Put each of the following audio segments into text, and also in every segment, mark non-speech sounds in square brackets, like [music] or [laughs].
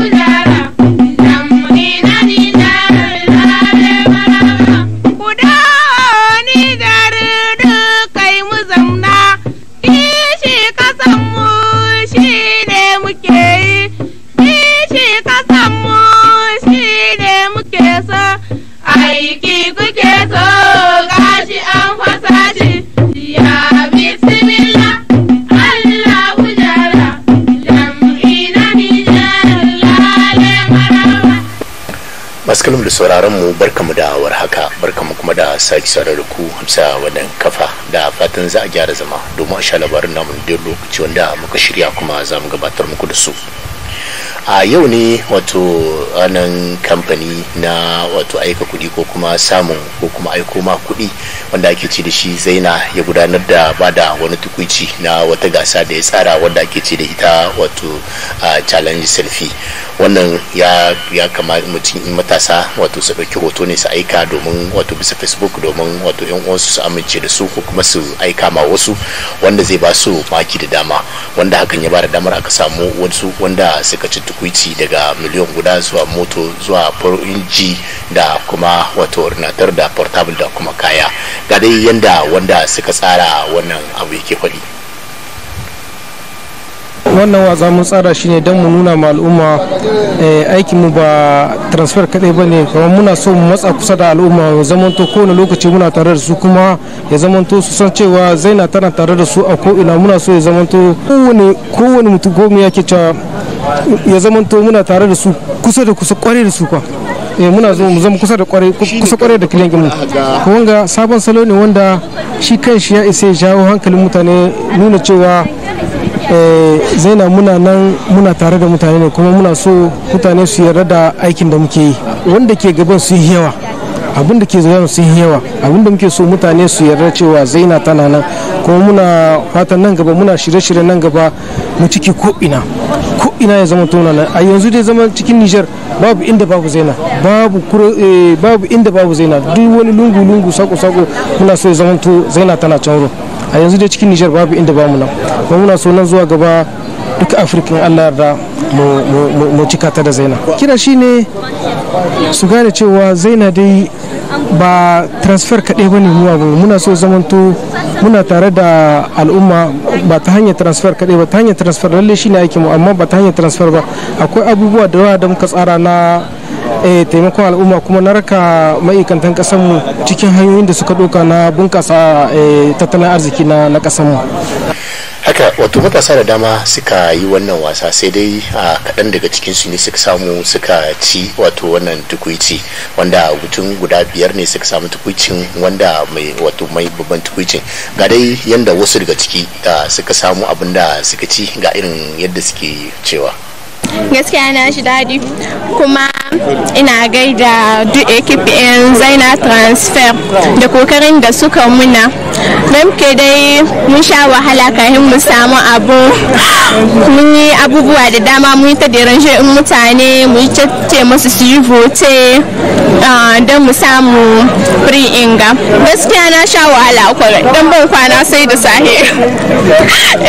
with that. masu da sauraron mu barkamu da haka barka barkamu kuma da sake saurare da ku hamsa wannan kafa da fatan za a gyara zama domin a sha labarin namun da lokaci wanda muka shirya kuma za mu gabatar muku da su a yau ne wato ranar kamfani na wato aika kuɗi ko kuma samun ko kuma aiko ma kuɗi wanda ake ci da shi zaina ya gudanar da bada wani tukuici na wata gasa da ya tsara wanda ake ci da ita wato challenge selfie wannan ya ya kama mutum in matasa wato su ɗauki hoto ne su aika domin wato bisa facebook domin wato yan uwansu su amince da su ko kuma su aika ma wasu wanda zai ba su maki da dama wanda hakan ya ba da damar aka samu wasu wanda suka ci tukwici daga miliyan guda zuwa moto zuwa inji da kuma wato ordinator da portable da kuma kaya ga dai yanda wanda suka tsara wannan abu yake faɗi wannan wa mun tsara shine don mu nuna ma al'umma eh, aikin mu ba transfer kadai bane kamar muna so mu matsa kusa da al'umma ya zamanto kowane lokaci muna tare da su kuma ya zamanto su san cewa zaina tana tare da su a ko ina muna so ya zamanto kowane mutum ko me yake cewa ya zama to muna tare da su kusa da kusa kware da su kwa eh, muna zo mu zama kusa da kware kusa kware da client gimu ko wanga sabon salo ne wanda shi kan shi ya isa jawo hankalin mutane nuna cewa eh, zaina muna nan muna tare da mutane ne kuma muna so mutane su yarda da aikin da muke yi wanda ke gaban su yi yawa abin da ke zuwa sun yi yawa abin da muke so mutane su yarda cewa zaina tana nan kuma muna fatan nan gaba muna shirye-shirye nan gaba mu ciki ko ina ina ya zama tona nan a yanzu dai zama cikin nijar babu inda babu zaina babu eh, babu inda babu zaina duk wani lungu lungu sako sako muna so ya zama to zaina tana can ro a yanzu dai cikin nijar babu inda babu nan ba muna so nan zuwa gaba duka afirkin allah yarda mu cika ta da zaina kira shine su gane cewa zaina dai ba transfer kaɗai ba ne muwa muna so zamanto muna tare da al'umma ba ta hanyar transfer kaɗai ba ta hanyar transfer lalle shine aikinmu amma ba ta hanyar transfer ba akwai abubuwa da yawa da muka tsara na eh, taimakon al'umma kuma na raka ma'aikatan kasanmu cikin hanyoyin da suka doka na bunƙasa eh, tattalin arziki na kasanmu. haka wato matasa da dama suka yi wannan wasa sai dai a kaɗan daga cikin su ne suka samu suka ci wato wannan tukuici wanda mutum guda biyar ne suka samu tukuicin wanda mai wato mai babban tukuicin ga dai yanda wasu daga ciki da suka samu abin da suka ci ga irin yadda suke cewa gaskiya na shi daɗi kuma ina gaida duk ekipin zaina transfer da kokarin da suka muna da ke dai mun sha wahala kafin mu samu abu mun yi abubuwa da dama mun yi ta deranje in mutane mu yi ce musu su yi vote ah, don mu samu free inga gaskiya na sha wahala kwarai don ban kwana sai da sahi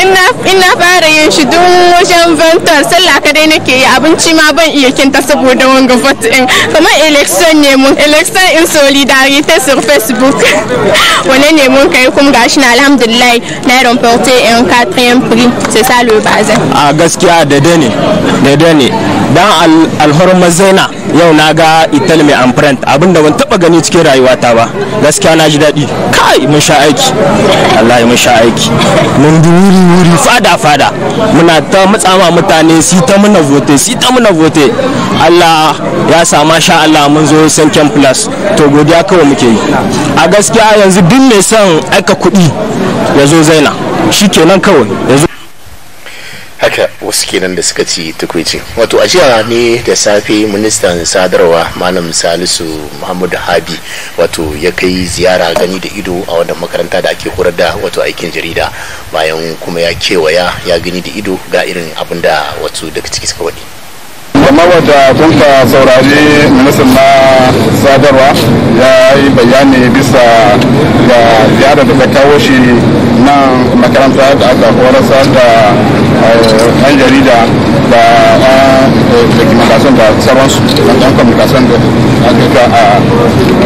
[laughs] ina fara yin shi duk wajen ventor sallah dai nake yi abinci ma ban iya kinta saboda wanga vote in kamar election ne mun election in solidarity sur facebook [laughs] wane ne mun kai kuma gashi na alhamdulillah na remporté un quatrième prix c'est ça le bazin a gaskiya da dane da dane dan alhorin zaina yau na ga italy mai amfran abinda ban taba gani cikin rayuwata ba gaskiya na ji daɗi kai mun sha aiki wallahi mun sha aiki mun bi wuri wuri fada fada muna ta mutsama mutane si ta muna vote si ta muna vote Allah ya sa masha Allah mun zo sanken plus to godiya kawai muke yi a gaskiya yanzu duk mai son aika kuɗi ya zo zaina shi kenan kawai ya zo haka wasu kenan da suka ci tukwici wato a jiya ne da safe ministan sadarwa malam salisu muhammadu habi wato ya kai ziyara gani da ido a wannan makaranta da ake horar da wato aikin jarida bayan kuma ya kewaya ya gani da ido ga irin abin da wato daga ciki suka wani kamar wadda kun ka saurari ministan na sadarwa ya yi bayani bisa ga ziyarar da ta kawo shi nan makaranta da aka horasa da ɗan eh, jarida da eh, documentation da sauransu da yan communication da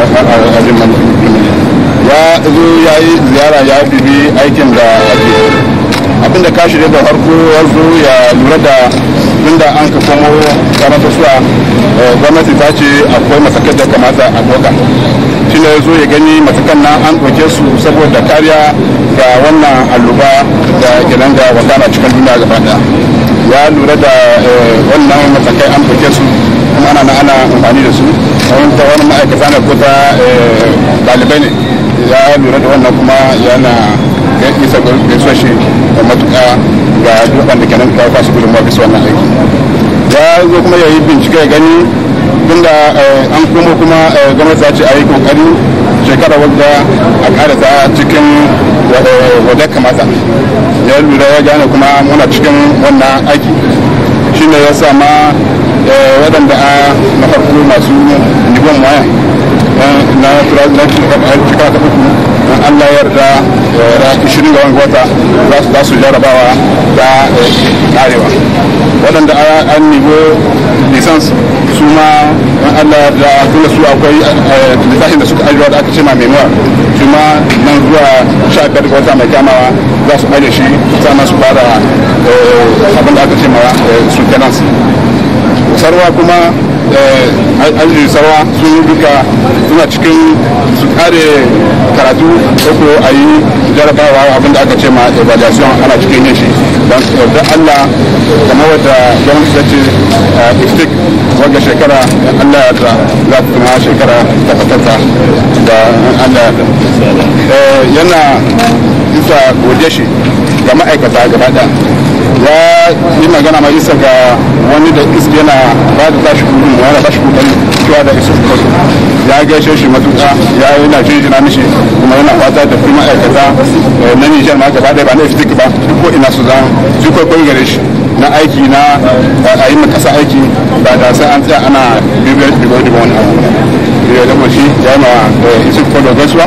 aka a liman ya zo ya yi ziyara ya bibi aikin da abinda kashi da farko ya zo ya lura da tunda an ka komo karanta suwa eh, gwamnati ta ce akwai masakar da kamata a doka shi ne zo ya gani matakan na an ɗauke su saboda kariya ga wannan alluba da gidan da wadana cikin duniya gaba daya ya lura da eh, wannan matakai an ɗauke su kuma ana ana amfani da su ta wani ma'aikata na kuta eh, ɗalibai ne ya lura da wannan kuma yana ga isa gaisuwa shi da matuƙa ga dukkan da kenan kawo kasu gudunmuwa bisa wannan aiki ya zo kuma ya yi bincike ya gani tunda eh, an komo kuma eh, gwamnati ta ce a yi kokari shekara wadda a karasa cikin eh, wadda kamata ya lura ya gane kuma muna cikin wannan aiki ne ya sama waɗanda a na farko masu nibon waya na turar na cikin ta Allah yarda da ishirin da wani wata za su jarabawa ta eh, arewa waɗanda an nigo lisans su ma Allah yarda kuma su akwai eh, littafin da suka ajiyar da aka ce ma memoir su ma nan zuwa sha biyar wata mai kamawa za su ajiye shi sannan su fara eh, abin da aka ce ma su sarwa kuma Eh, arziki sarwa su duka suna cikin su kare karatu ko a yi jarabawa abinda aka ce ma evaluation ana cikin yin shi don su yarda allah kamar wadda gwamnati ta ce eh, iftik wadda shekara allah ya ta za ta kuma shekara ta fatata da allah ya ta eh, yana bisa goje shi ga ma'aikata gaba da ya yi magana ma isa ga wani da iske na ba da tashi kudu da yana tashi kudu cewa da isa kudu ya gaishe shi matuƙa ya yi na jinjina mishi kuma yana fata da kuma aikata eh, na nijar ma gaba ɗaya ba na isa duk ba duk ko ina su za su kwaikwayo gare shi na aiki na a yi kasa aiki ba da sai an tsaya ana bibiyar dubo-dubo wani abu ya wajen shi jama da isi kwado gaswa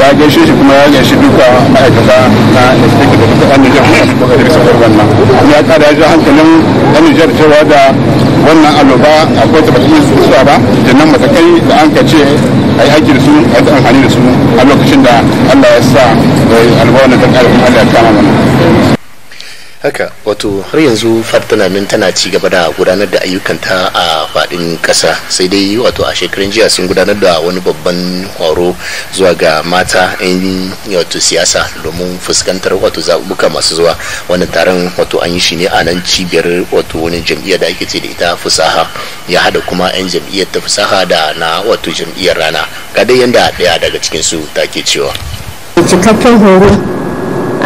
ya gaishe shi kuma ya gaishe duka ma'aikata na inspector da duka ɗan nijar wannan ya kada ya hankalin ɗan nijar cewa da wannan aloba akwai tabbatar su tsara ba da nan matakai da an ka ce a yi hajji da su a yi amfani da su a lokacin da allah ya sa eh, albawa na ta kuma allah ya kama mana haka wato har yanzu fad tana nan tana ci gaba da gudanar da ayyukanta a fadin kasa sai dai wato a shekarun jiya sun gudanar da wani babban horo zuwa ga mata 'yan wato siyasa domin fuskantar wato zabuka masu zuwa wani taron wato an yi shi ne a nan cibiyar wato wani jam'iyya da ake ce da ita fusaha ya hada kuma 'yan jam'iyyar ta fusaha da na wato jam'iyyar rana ga dai yanda ɗaya daga cikin su take cewa cikakken horo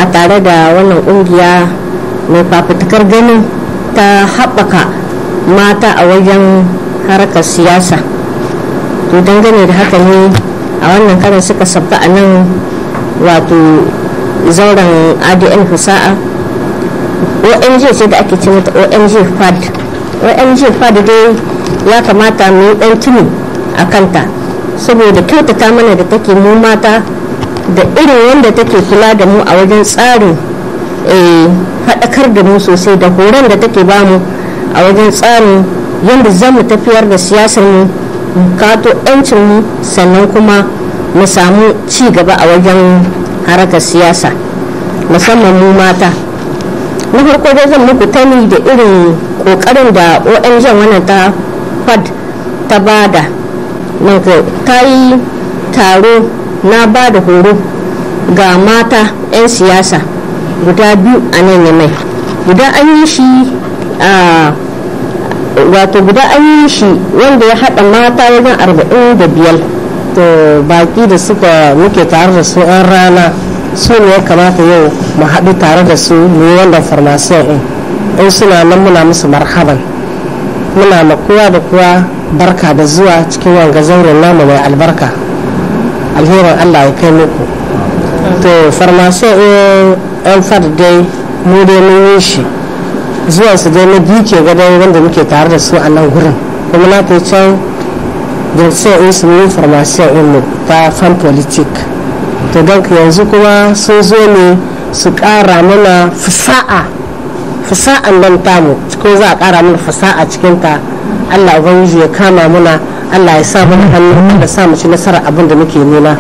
a tare da wannan kungiya mai fafutukar ganin ta haɓaka mata a wajen harkar siyasa to dangane da haka ne a wannan karin suka sabta a nan wato zauren adn fusa'a ong ce da ake cimata mata ong fad ong fad dai ya kamata mu yi ɗan tuni a kanta saboda kyautata mana da take mu mata da irin wanda take kula da mu a wajen tsarin eh, haɗakar da mu sosai da horon da take ba mu a wajen tsarin yadda za mu tafiyar da siyasar mu kato 'yancin mu sannan kuma mu samu ci gaba a wajen harakar siyasa musamman mu mata na farko dai zan muku tani da irin kokarin da ong wannan ta fad ta bada ta yi taro na ba da horo ga mata 'yan siyasa guda biyu a nan yamai guda an yi shi a wato guda an yi shi wanda ya haɗa mata wajen arba'in da biyar to baki da suka muke tare da su 'yan rana su ne ya kamata yau mu haɗu tare da su mu yi wannan farmasiyan in in suna nan muna musu marhaban muna ma kowa da kowa barka da zuwa cikin wanga zauren namu mai albarka alherin allah ya kai muku to farmasi yan fad dai mu dai mun yi shi zuwa su dai na biyu ke wanda muke tare da su a nan gurin kuma na ta can da su in su yi farmasi mu ta fan politik to don yanzu kuma sun zo ne su ƙara mana fasa'a fasa'an nan tamu ko za a ƙara mana fasa'a ta allah ubangiji ya kama muna Allah ya sa mu hannu da sa mu ci nasara abin da muke nema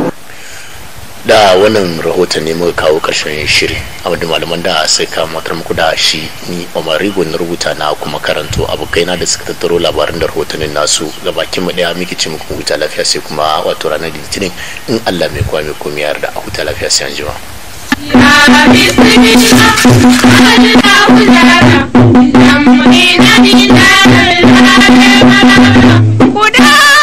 da wannan rahoton ne muka kawo karshen shiri abinda malaman da sai ka matar muku da shi ni Omar Rigo na rubuta na kuma karanto abokai na da suka tattaro labarin da rahotannin nasu ga bakin mu daya muke ci muku huta lafiya sai kuma wato ranar litinin in Allah mai kwa mai komai da a huta lafiya sai an jima 我的。